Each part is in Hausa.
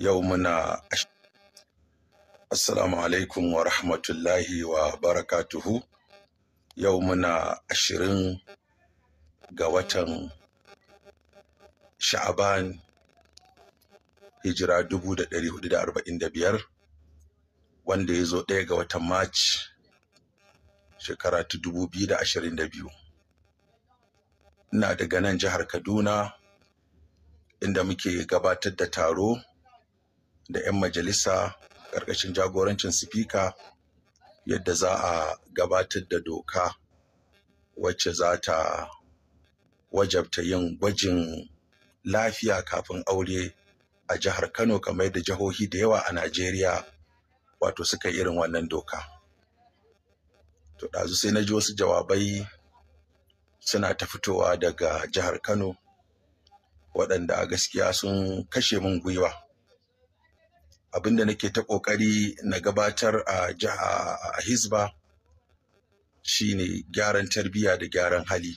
yau muna assalamu alaikum wa rahmatullahi wa barakatuhu yau muna ashirin ga watan sha'aban hijira 1445 biyar wanda ya zo ɗaya ga watan march shekara ta ina daga nan jihar kaduna inda muke gabatar da taro da 'yan majalisa ƙarƙashin jagorancin sifika yadda za a gabatar da doka wacce za ta wajabta yin gwajin lafiya kafin aure a jihar Kano kamar da jihohi da yawa a Najeriya wato suka irin wannan doka. To ɗazu sai na ji wasu jawabai suna ta fitowa daga jihar Kano waɗanda gaskiya sun kashe min gwiwa. abinda nake ta ƙoƙari na gabatar a jiha a hizba shine gyaran tarbiyya da gyaran hali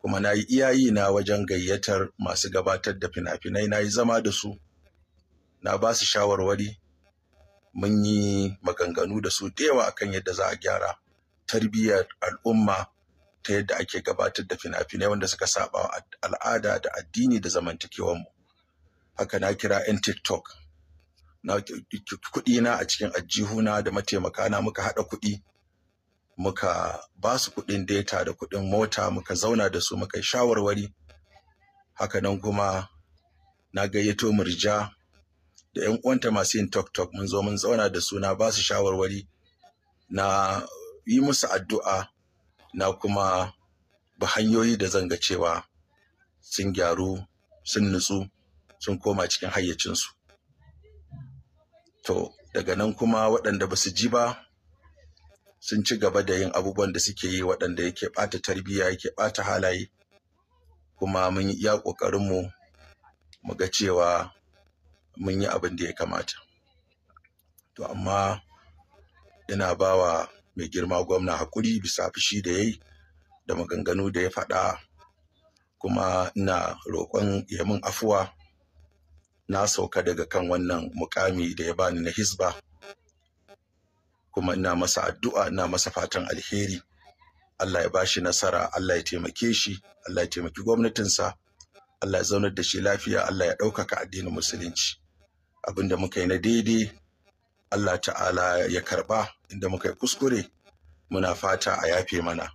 kuma na yi iyayi na wajen gayyatar masu gabatar da fina-finai na yi zama da su na ba su shawarwari mun yi maganganu da su dewa akan yadda za a gyara tarbiyyar al'umma ta yadda ake gabatar da fina-finai wanda suka saba al'ada da addini da mu. haka na kira 'yan tiktok na kuɗi na a cikin ajihuna da mataimaka na muka haɗa kuɗi muka ba su kuɗin data da kuɗin mota muka zauna da su muka yi shawarwari nan kuma na gayyato murja da 'yan uwanta masu yin tok tok mun zo mun zauna da su na ba su shawarwari na yi musu addu'a na kuma ba hanyoyi da zan ga cewa sun gyaru sun nutsu sun koma cikin hayyacinsu to daga nan kuma waɗanda ba su ji ba sun ci gaba da yin abubuwan da suke yi waɗanda yake ɓata tarbiyya yake ɓata halaye kuma mun iya ƙoƙarinmu mu ga cewa mun yi abin da ya kamata to amma ina ba wa mai girma gwamna haƙuri bisa fushi da ya yi da maganganu da ya faɗa kuma ina roƙon ya min afuwa na sauka daga kan wannan mukami da ya bani na hisba kuma ina masa addu'a ina masa fatan alheri Allah ya bashi nasara Allah ya taimake shi Allah ya taimaki gwamnatinsa Allah ya zaunar da shi lafiya Allah ya ɗaukaka addinin musulunci abinda muka yi na daidai Allah ta'ala ya karɓa inda muka yi kuskure muna fata a yafe mana